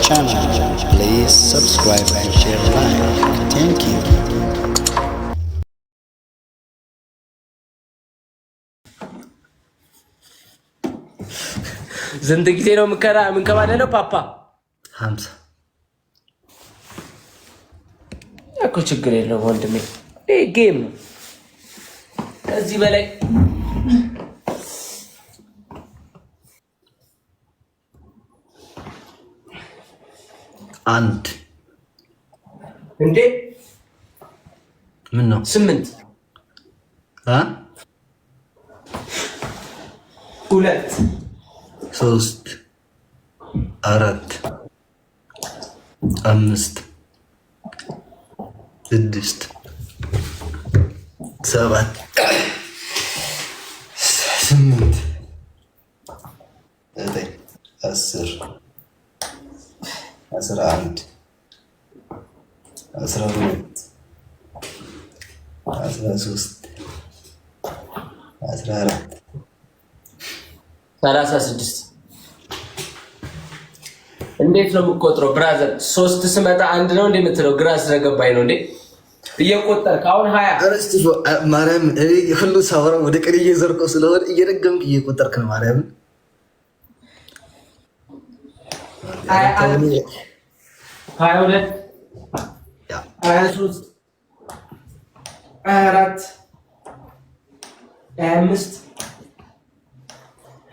channel. Please subscribe and share like. Thank you. ስንት ጊዜ ነው ምከራ ምንከባለለው? ፓፓ ሀምሳ እኮ ችግር የለውም ወንድሜ፣ ጌም ነው። ከዚህ በላይ አንድ እንዴ ምን ነው ስምንት ሁለት ሶስት አራት አምስት ስድስት ሰባት ስምንት ዘጠኝ አስር አስራ አንድ አስራ ሁለት አስራ ሶስት አስራ አራት ሰላሳ ስድስት እንዴት ነው የምቆጥረው? ብራዘር ሶስት ስመጣ አንድ ነው እንዴ የምትለው? ግራ ስለገባኝ ነው እንዴ እየቆጠርክ አሁን ሀያ ማርያም ሁሉ ሳወራ ወደ ቀን እየዘርቀው ስለሆነ እየደገምክ እየቆጠርክ ነው ማርያምን ሀያ ሁለት ሀያ ሶስት ሀያ አራት ሀያ አምስት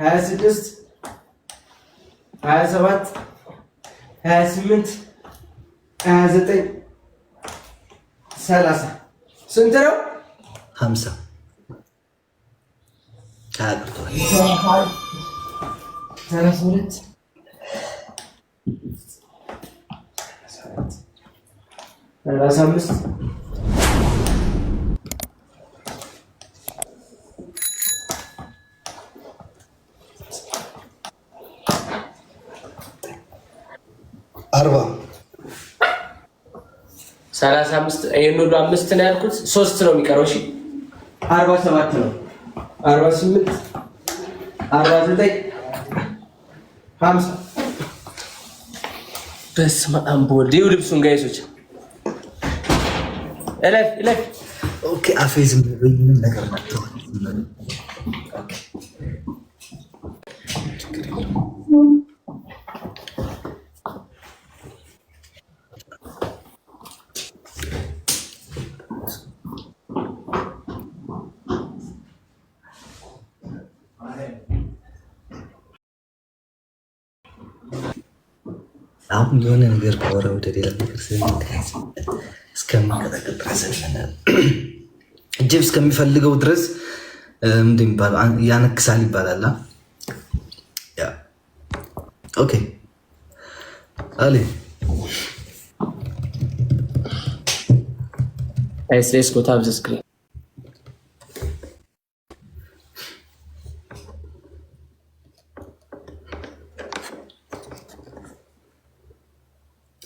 ሀያ ስድስት ሀያ ሰባት ሀያ ስምንት ሀያ ዘጠኝ ሰላሳ ስንት ነው? ሀምሳ ሀያ ቀርቷል። ሰላሳ ሁለት ሰላሳ አምስት አርባ ሰላሳ አምስት ይህን ሁሉ አምስት ነው ያልኩት፣ ሶስት ነው የሚቀረው። እሺ አርባ ሰባት ነው። አርባ ስምንት አርባ ዘጠኝ ሀምሳ በስመ አብ ወልድ ይኸው ልብሱን ጋይሶች እለፍ እለፍ። ኦኬ አፌ ዝም ብሎ ምንም ነገር አሁን የሆነ ነገር ከወረ ወደ ሌላ ነገር ስለሚቀያዝ እስከሚቀጠቅጥ ድረስ ጅብ እስከሚፈልገው ድረስ ምንድን ያነክሳል ይባላል። ኦኬ አሊ ስሌስኮታ ብዘስክሪ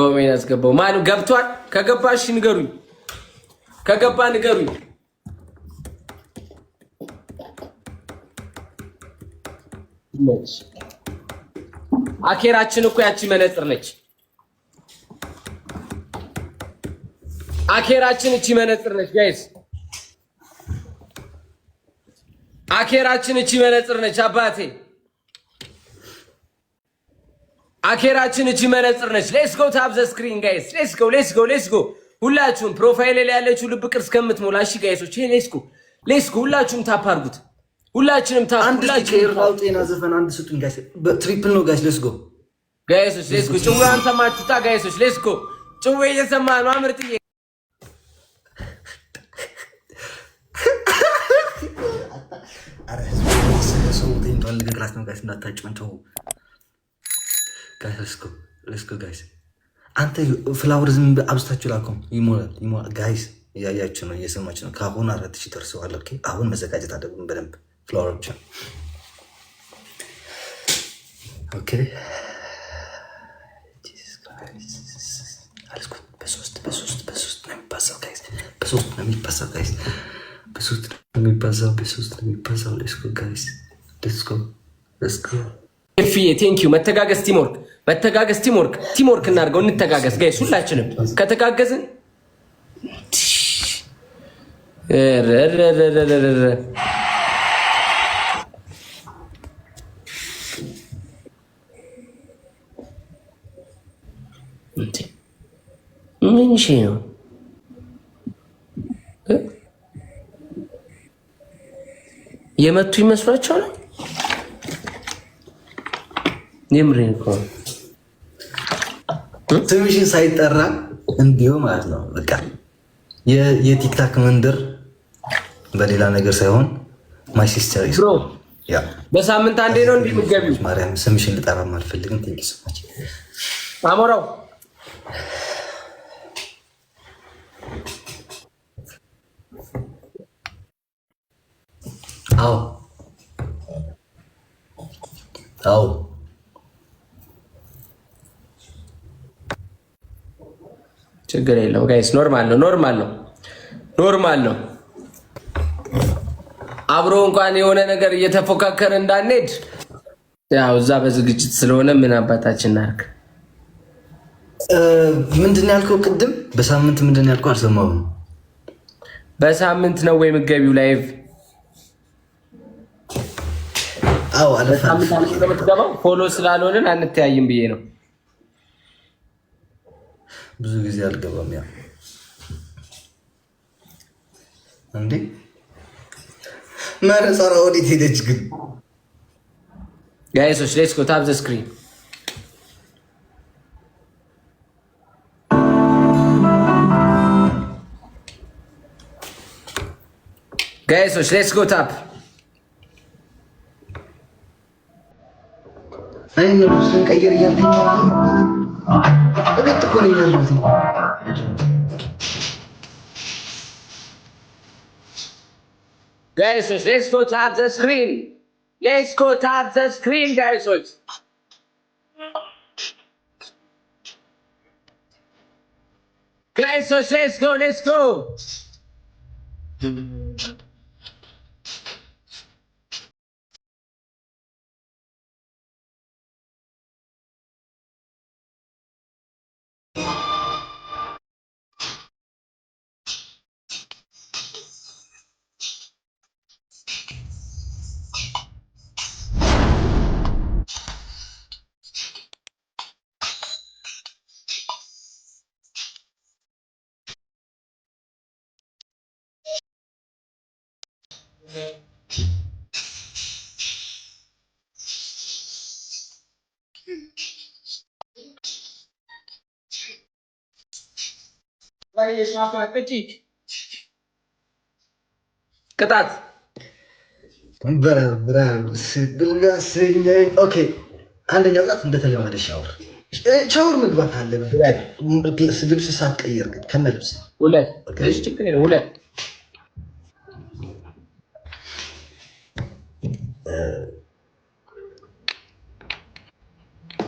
ኦሜን አስገባው። ማን ገብቷል? ከገባ እሺ ንገሩኝ። ከገባ ንገሩኝ። አኬራችን እኮ ያቺ መነጽር ነች። አኬራችን እቺ መነጽር ነች። ጋይስ አኬራችን እቺ መነጽር ነች አባቴ አኬራችን እጅ መነጽር ነች። ሌትስ ጎ ታፕ ዘ ስክሪን ጋይስ፣ ሌትስ ጎ ሌትስ ጎ ሌትስ ጎ። ሁላችሁም ፕሮፋይል ላይ ያለችው ልብ ቅርጽ ከምትሞላ እሺ ጋይሶች፣ ይሄ ሌትስ ጎ ሌትስ ጎ። ሁላችሁም ታፕ አድርጉት። ሁላችንም ታፕ። አንድ ከኤርትራው ጤና ዘፈን አንድ ስጡኝ ጋይስ፣ በትሪፕል ነው ጋይስ። ሌትስ ጎ ጋይሶች፣ ሌትስ ጎ። ጭዌዋን ሰማችሁታ ጋይሶች፣ ሌትስ ጎ። ጭዌ እየሰማ ነው አምርጥዬ ሰው ተኝቷል። ልገላት ነው ጋይስ፣ እንዳታጭመን ተው ጋይስ ለስኮ ለስኮ ጋይስ። አንተ ፍላወር ዝም አብዝታችሁ ላከው ይሞላል ይሞላል። ጋይስ እያያችሁ ነው እየሰማችሁ ነው። ከአሁን አራት ሺህ ደርሰዋል። ኦኬ አሁን መዘጋጀት አለብን በደንብ ፍላወር ኦኬ በሶስት ነው ጋይስ፣ በሶስት ነው በሶስት ነው ኤፍዬ መተጋገዝ ቲሞርክ መተጋገዝ ቲሞርክ ቲሞርክ እናድርገው። እንተጋገዝ ጋይስ፣ ሁላችንም ከተጋገዝን ምን ሺ ነው? የመቱ ይመስሏቸዋል? ነው ስምሽን ሳይጠራ እንዲሁ ማለት ነው። በቃ የቲክታክ መንደር በሌላ ነገር ሳይሆን ማይ ሲስተር በሳምንት አንዴ ነው እንዲህ የምትገቢው። ማርያም ስምሽን ልጠራም አልፈልግም። ቴንኪ ሰማች አሞራው አዎ አዎ ችግር የለም ጋይስ፣ ኖርማል ነው፣ ኖርማል ነው፣ ኖርማል ነው። አብሮ እንኳን የሆነ ነገር እየተፎካከረ እንዳንሄድ ያው እዛ በዝግጅት ስለሆነ ምን አባታችን ናርክ ምንድን ያልከው ቅድም በሳምንት ምንድን ያልከው አልሰማሁም። በሳምንት ነው ወይ ምገቢው ላይቭ? አዎ አለፋ ፎሎ ስላልሆንን አንተያይም ብዬ ነው። ብዙ ጊዜ አልገባም። ያ እንዴ መረፀራ ወዴት ሄደች ግን? ጋይሶች ሌትስ ጎ ታፕ ዘ ስክሪን ጋይሶች ሌትስ ጎ ታፕ አይ ነው ስንቀይር እያልተኛ Bebek ko nila buti. Guys, let's go tap the screen. Let's go let's go, let's go. ቅጣት አንደኛ ቅጣት እንደተለመደ ሻወር ሻወር መግባት አለብህ። ልብስ ሳትቀይር ከነ ልብስ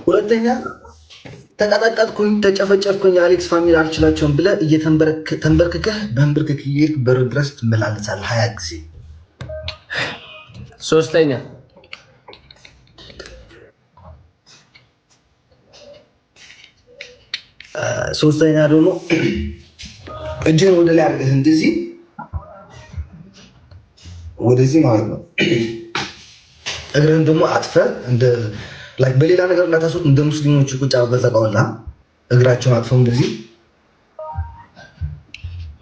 ሁለተኛ ተቀጠቀጥኩኝ፣ ተጨፈጨፍኩኝ፣ አሌክስ ፋሚሊ አልችላቸውም ብለህ እየተንበርክከህ በንብርክክ በሩ ድረስ ትመላለሳለህ ሀያ ጊዜ። ሶስተኛ ሶስተኛ ደግሞ እጅህን ወደ ላይ አድርገህ እንደዚህ ወደዚህ ማለት ነው። እግርህን ደግሞ አጥፈህ ላይክ በሌላ ነገር እንዳታስቡት። እንደ ሙስሊሞች ቁጭ በተቃውላ እግራቸውን አጥፈው እንደዚህ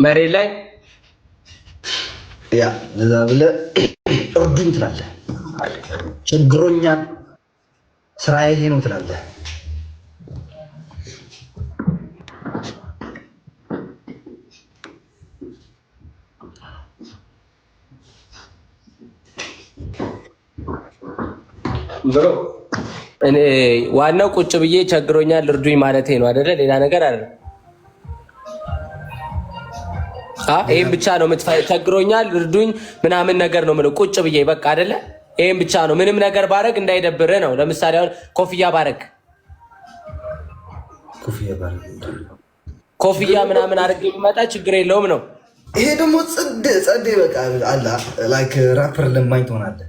መሬት ላይ ያ እዛ ብለ እርዱኝ ትላለ። ችግሮኛል፣ ስራ ይሄ ነው ትላለ። ብሎ ዋናው ቁጭ ብዬ ቸግሮኛል እርዱኝ ማለቴ ነው አደለ? ሌላ ነገር አለ። ይህም ብቻ ነው ቸግሮኛል እርዱኝ ምናምን ነገር ነው የምለው ቁጭ ብዬ በቃ አደለ? ይህም ብቻ ነው። ምንም ነገር ባረግ እንዳይደብረ ነው። ለምሳሌ አሁን ኮፍያ ባረግ ኮፍያ ምናምን አድርግ የሚመጣ ችግር የለውም ነው። ይሄ ደግሞ ጸዴ በቃ አላ ራፐር ለማኝ ትሆናለህ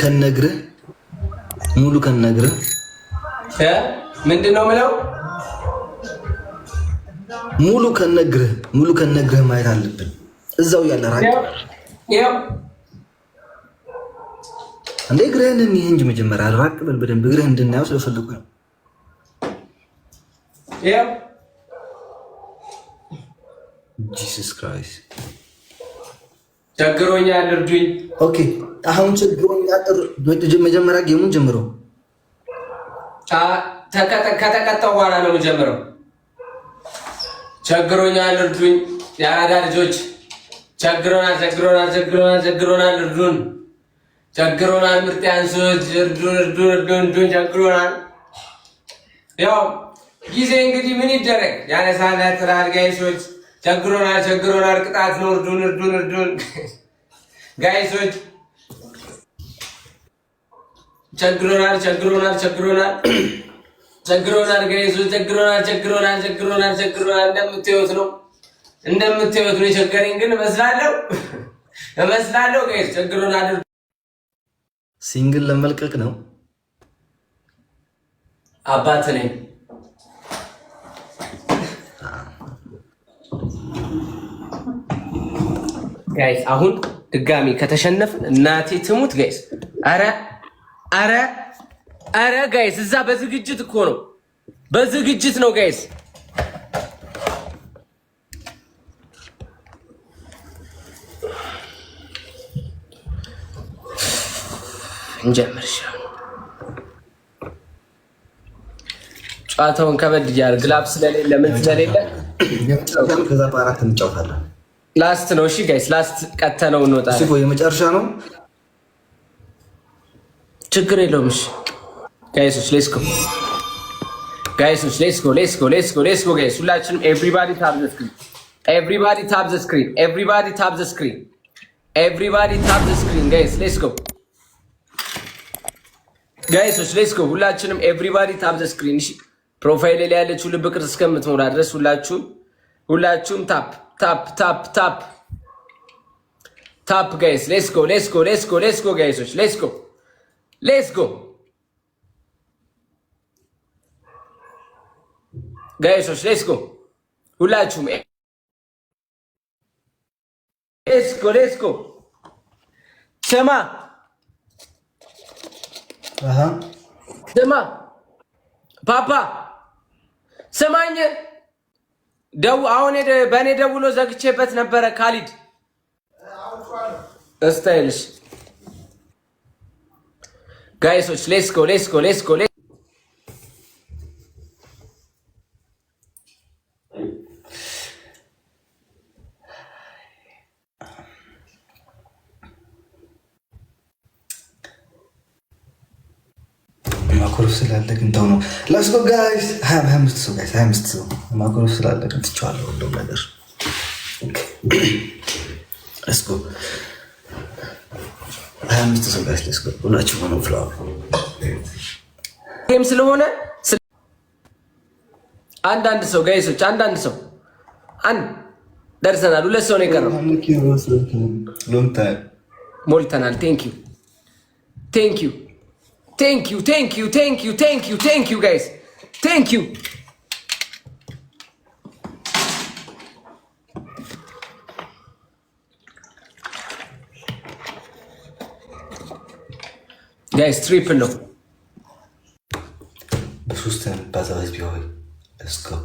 ከነግርህ ሙሉ ከነግርህ ምንድን ነው የምለው ሙሉ ከነግርህ ሙሉ ከነግርህ ማየት አለብን። እዛው ያለ ራቅ እንደ እግርህን ይህ እንጂ መጀመሪያ ራቅ በል በደንብ እግርህ እንድናየው ስለፈለኩ ነው። ጂሰስ ክራይስት ቸግሮኛ ያደርጁኝ። ኦኬ አሁን ችግሮኛ መጀመሪያ ጌሙን ጀምረው። ከተቀጠው በኋላ ነው የምጀምረው። ቸግሮኛ ያደርጁኝ። የአራዳ ልጆች ቸግሮናል፣ ቸግሮናል፣ ቸግሮና ቸግሮናል፣ ልርዱን ቸግሮናል፣ ምርጥ ያንሶች እርዱን፣ እርዱን፣ እርዱን፣ እርዱን፣ ቸግሮናል። ያው ጊዜ እንግዲህ ምን ይደረግ ያነሳና ትላልጋይ ሰዎች ቸግሮናል ቸግሮናል፣ ቅጣት ነው። እርዱን እርዱን እርዱን ጋይሶች፣ ቸግሮናል ቸግሮናል ቸግሮናል ቸግሮናል ጋይሶች፣ ቸግሮናል ቸግሮናል ቸግሮናል ቸግሮናል። እንደምትዩት ነው እንደምትዩት ነው። የቸገረኝ ግን እመስላለሁ እመስላለሁ ጋይስ፣ ቸግሮናል። ሲንግል ለመልቀቅ ነው አባት ነኝ ጋይስ አሁን ድጋሚ ከተሸነፍን እናቴ ትሙት ጋይስ። አረ አረ አረ ጋይስ እዛ በዝግጅት እኮ ነው፣ በዝግጅት ነው ጋይስ። እንጀምር። ጨዋታውን ከበድ እያደረግን ግላብ ስለሌለ ምን ስለሌለ ከዛ በአራት እንጫወታለን። ላስት ነው። እሺ ጋይስ ላስት ቀተነው ነው እንወጣለን። እሺ የመጨረሻ ነው፣ ችግር የለውም። እሺ ጋይስ ሌትስ ጎ ጋይስ ሌትስ ጎ ሌትስ ጎ ሌትስ ጎ ሌትስ ጎ ጋይስ ሁላችንም ኤቭሪባዲ ታብ ዘ ስክሪን ኤቭሪባዲ ታብ ዘ ስክሪን ኤቭሪባዲ ታብ ዘ ስክሪን ኤቭሪባዲ ታብ ዘ ስክሪን ጋይስ ሌትስ ጎ ጋይስ ሌትስ ጎ ሁላችንም ኤቭሪባዲ ታብ ዘ ስክሪን። እሺ ፕሮፋይል ላይ ያለችው ልብ ቅርጽ እስከምትሞላ ድረስ ሁላችሁም ሁላችሁም ታፕ ታፕ ታፕ ታፕ ታፕ ጋይስ ሌስ ጎ ሌስ ጎ ሌስ ጎ ሌስ ጎ ጋይሶች ሌስ ጎ ሌስ ጎ ጋይሶች ሌስ ጎ ሁላችሁም ሌስ ጎ ሌስ ጎ ስማ ስማ ፓፓ ስማኝ ደው አሁን በእኔ ደውሎ ዘግቼበት ነበረ። ካሊድ እስታይልሽ ጋይሶች ሌስኮ ሌስኮ ሌስኮ ማኮረፍ ስላለ ግን ተው ነው። ላስት ጋይስ ሀያ አምስት ሰው ጋይስ ሀያ አምስት ሰው ማኮረፍ ስላለ ግን ትቼዋለሁ ሁሉም ነገር ለስጎ ሀያ አምስት ሰው ጋይስ ለስጎ ሁላችሁ ሆነ ፍላ ይህም ስለሆነ አንዳንድ ሰው ጋይሶች አንዳንድ ሰው አንድ ደርሰናል። ሁለት ሰው ነው የቀረው። ሞልተናል። ቴንክ ዩ ቴንክ ዩ Thank you, thank you, thank you, thank you, thank you, guys. Thank you. Guys, triple ነው። Let's go.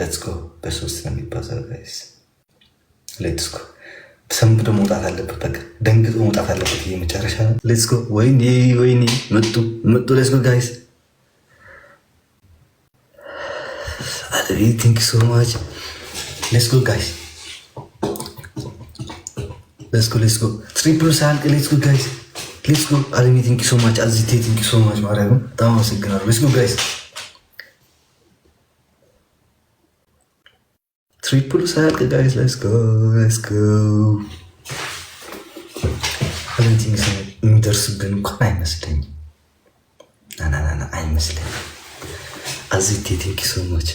Let's go. ጎ በሶስት ነው የሚባዛው Let's go. ሰንብዶ መውጣት አለበት። በቃ ደንግጦ መውጣት አለበት። ይሄ መጨረሻ ሌትስጎ። ወይኔ ወይኔ፣ መጡ መጡ። ሌትስጎ ጋይስ ቲንክ ሶ ማች። ሌትስጎ ጋይስ፣ ሌትስጎ ሌትስጎ። ትሪፕሉ ሳያልቅ ሌትስጎ ጋይስ፣ ሌትስጎ። አለሚ ቲንክ ሶ ማች፣ አዚቴ ቲንክ ሶ ማች። ማርያም በጣም አመሰግናለሁ። ሌትስጎ ጋይስ ትሪፕሉ ሳያልቅ ጋይስ ሌትስ ጎ ሌትስ ጎ። አለንቲንግ የሚደርስብን እንኳን አይመስለኝም። ናናናና አይመስለኝም። አዚቴ ቴንኪ ሰሞች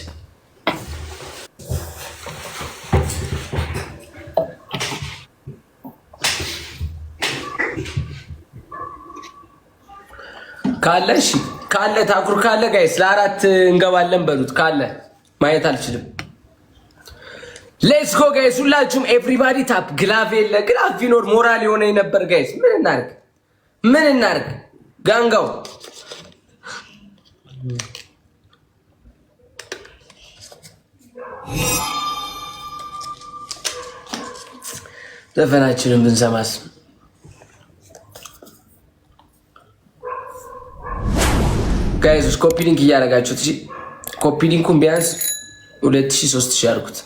ካለ እሺ፣ ካለ ታኩር ካለ ጋይስ ለአራት እንገባለን በሉት። ካለ ማየት አልችልም። ሌትስ ጎ ጋይስ ሁላችሁም ኤቭሪባዲ ታፕ። ግላቭ የለ ግላቭ ቢኖር ሞራል የሆነ የነበር ጋይስ። ምን እናርግ ምን እናርግ ጋንጋው ዘፈናችንን ብንሰማስ ጋይስ። ኮፒ ሊንክ እያደረጋችሁት ኮፒ ሊንኩን ቢያንስ ሁለት ሺህ ሦስት ሺህ አድርጉት።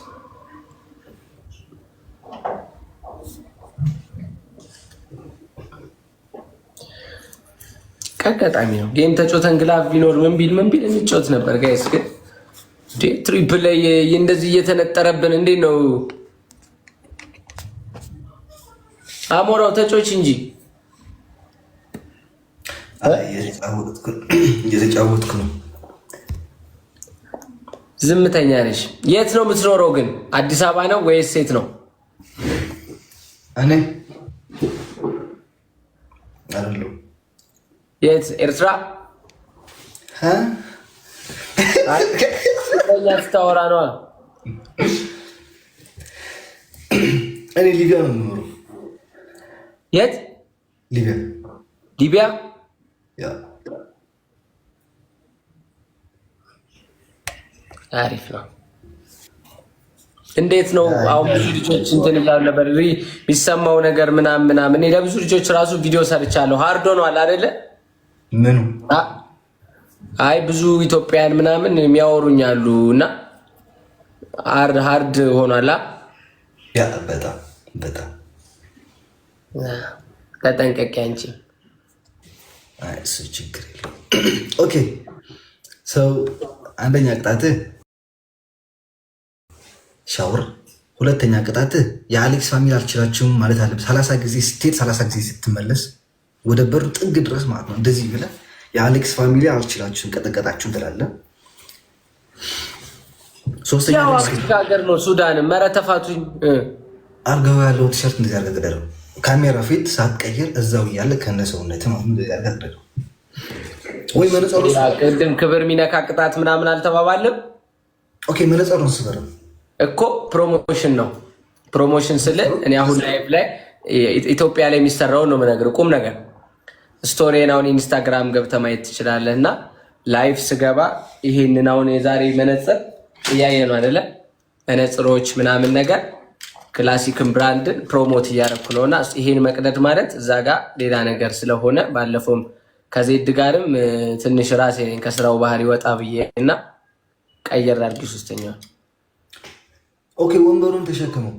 አጋጣሚ ነው። ጌም ተጮተን ግላቭ ቢኖር ምን ቢል ምን ቢል እንጮት ነበር ጋይስ። ግን ትሪፕል ላይ እንደዚህ እየተነጠረብን እንዴት ነው? አሞራው ተጮች እንጂ እየተጫወትኩ ነው። ዝምተኛ ነሽ። የት ነው የምትኖረው ግን? አዲስ አበባ ነው ወይስ ሴት ነው? እኔ የት ኤርትራ ስታወራ እኔ ሊቢያ ነው የምኖረው። የት ሊቢያ? ሊቢያ አሪፍ ነው። እንዴት ነው አሁን? ብዙ ልጆች እንትን እያሉ ነበር የሚሰማው ነገር ምናምን ምናምን። ለብዙ ልጆች ራሱ ቪዲዮ ሰርቻለሁ። ሀርዶ ነዋል አይደለ ምኑ? አይ ብዙ ኢትዮጵያን ምናምን የሚያወሩኝ አሉ እና ሀርድ ሆኗላ። ያ በጣም በጣም ተጠንቀቂ አንቺ። እሱ ችግር የለም። ኦኬ ሰው አንደኛ ቅጣት ሻውር፣ ሁለተኛ ቅጣት የአሌክስ ፋሚል አልችላችሁም ማለት አለብህ። ሰላሳ ጊዜ ስትሄድ ሰላሳ ጊዜ ስትመለስ ወደ በሩ ጥግ ድረስ ማለት ነው። እንደዚህ ብለ የአሌክስ ፋሚሊ አልችላችሁም ቀጠቀጣችሁ ትላለህ። ሶስተኛ ነው ሱዳን መረተፋቱኝ አርገው ያለው ቲሸርት እንደዚህ አድርገህ ተደረገው ካሜራ ፊት ሳትቀይር እዛው እያለ ከነ ከነሰውነት ወይ መነጸሩ ቅድም ክብር ሚነካ ቅጣት ምናምን አልተባባለም። ኦኬ መነጸሩን ስበር እኮ ፕሮሞሽን ነው። ፕሮሞሽን ስል እኔ አሁን ላይቭ ላይ ኢትዮጵያ ላይ የሚሰራውን ነው የምነግርህ ቁም ነገር ስቶሪን አሁን ኢንስታግራም ገብተህ ማየት ትችላለህ። እና ላይፍ ስገባ ይሄንን አሁን የዛሬ መነፅር እያየ ነው አይደለ? መነፅሮች ምናምን ነገር ክላሲክን ብራንድን ፕሮሞት እያደረኩ ነው። እና ይሄን መቅደድ ማለት እዛ ጋር ሌላ ነገር ስለሆነ ባለፈውም ከዜድ ጋርም ትንሽ ራሴ ነኝ ከስራው ባህሪ ወጣ ብዬ እና ቀየር አድርጊ። ሶስተኛዋል ኦኬ፣ ወንበሩን ተሸክመው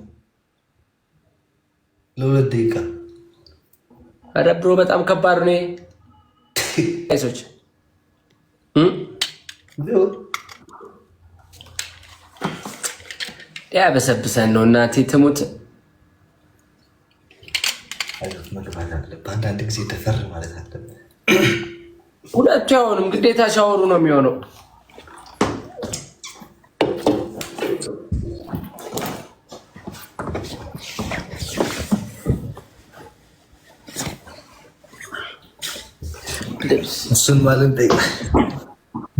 ለሁለት ደቂቃ መደብሮ በጣም ከባድ ነው። ይሶች ያበሰብሰን ነው እናቴ ትሙት። አንዳንድ ጊዜ ማለት ሁለቱ ያውንም ግዴታ ሻወሩ ነው የሚሆነው። ልብስ እሱን ማለት ጠይቅ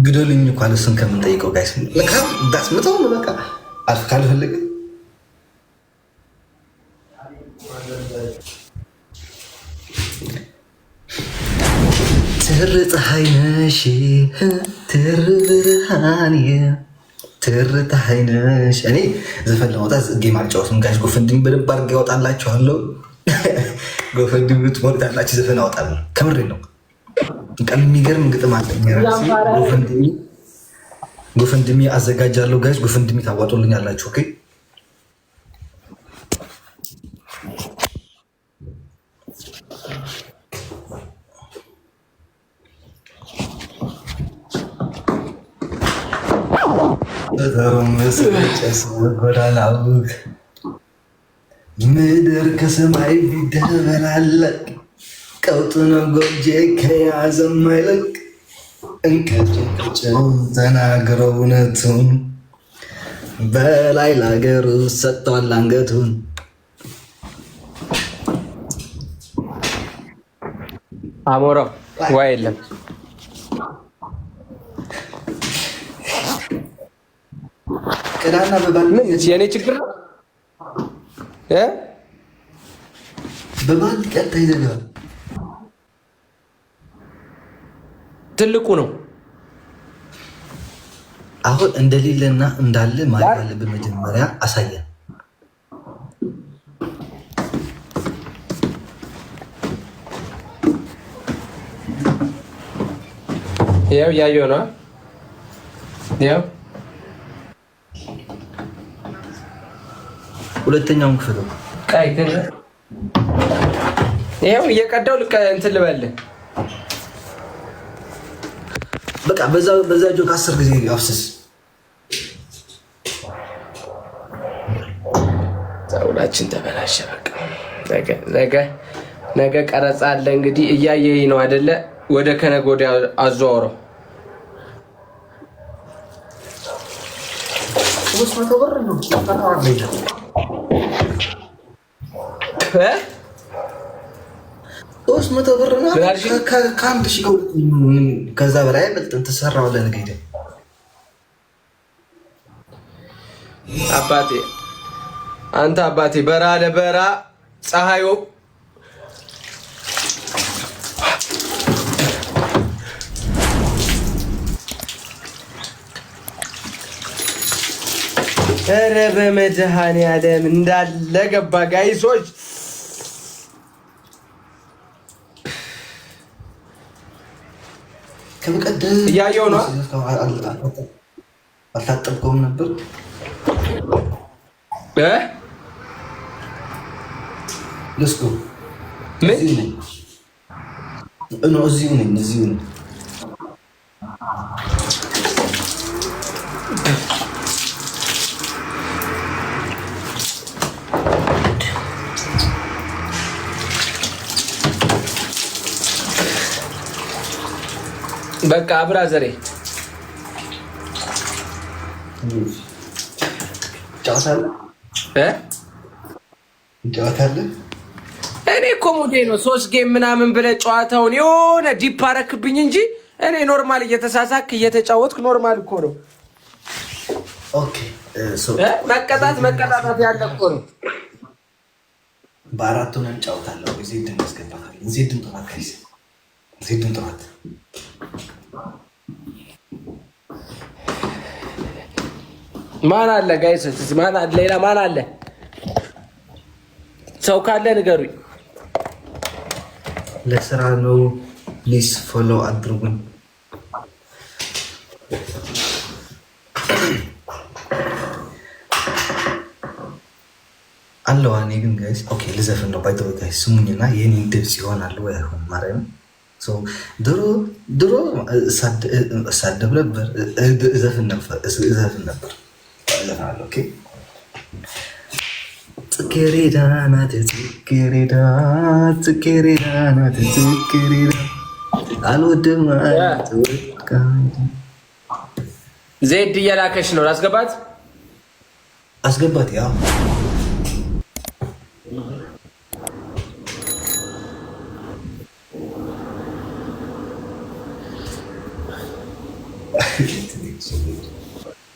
ግደልኝ እሱን ከምንጠይቀው ጋይስ ዳስምተው ነው በቃ አልፍ ትር ፀሐይ ነሽ ትር ብርሃን ትር ፀሐይ ነሽ። እኔ ዘፈን ለማውጣት ጌም አልጫወትም ጋሽ ጎፈንድሚ በደንብ አድርጌ ዘፈን አወጣለሁ። ከምሬ ነው። ቀን የሚገርም ግጥም አለኝ። ጎፈንድሚ አዘጋጃለሁ ጋይስ፣ ጎፈንድሚ ታዋጡልኝ አላችሁ። ኦኬ ምድር ከሰማይ ቢደበላለቅ ቀውጡን ጎጄ ከያዘ ማይለቅ እንቅጭቅጭውን ተናግሮ እውነቱን በላይ ለሀገሩ ሰጥቷል አንገቱን። አሞራው ዋይ የለም ቅዳና በባል የኔ ችግር በባል ትልቁ ነው። አሁን እንደሌለና እንዳለ ማለት ያለብን መጀመሪያ አሳየን። ያው ያየው ነው። ያው ሁለተኛውን ክፍል ቀይ ይኸው እየቀዳው ልቀ እንትን ልበልህ በቃ በዛ በዛ እጆን ከአስር ጊዜ አፍስስ። ሁላችን ተበላሸ። በቃ ነገ ነገ ቀረጻ አለ እንግዲህ እያየህ ነው አይደለ? ወደ ከነገ ወዲያ አዘዋውረው ሶስት መቶ ብር ነው ሶስት መቶ ብር ነው ከአንድ ሺህ ከዛ በላይ በልጥም ተሰራው ለነገ ለንግድ አባቴ አንተ አባቴ በራ ለበራ ፀሐዩ ኧረ በመድኃኔዓለም እንዳለ ገባ ጋይሶች ከበቀደም እያየው ነው። አልታጠብከውም ነበር ለስኩ ምን እዚሁ ነኝ፣ እዚሁ ነኝ በቃ አብራ ዘሬ እኔ ኮሞዴ ነው ሶስት ጌም ምናምን ብለ ጨዋታውን የሆነ ዲፕ አረክብኝ እንጂ እኔ ኖርማል እየተሳሳክ እየተጫወትክ ኖርማል እኮ ነው። መቀጣት መቀጣጣት ያለ እኮ ነው። በአራት ሆነን ጫወታለሁ ዜ ድን ሴቱን ጥራት ማን አለ? ጋይስ ማን አለ? ሌላ ማን አለ? ሰው ካለ ንገሩኝ። ለስራ ነው። ፕሊስ ፎሎ አድርጉን። አለዋ ግን ጋይስ ኦኬ፣ ልዘፍን ነው ባይተወ ጋይስ ስሙኝና የኔን ድምፅ ይሆናል ወይ አይሆን ማርያምን ድሮ እሳደብ ነበር፣ እዘፍን ነበር ነበር ጽጌሬዳ ናት ጽጌሬዳ ጽጌሬዳ ናት ጽጌሬዳ አልወድም ዜድ እየላከች ነው። አስገባት አስገባት ያው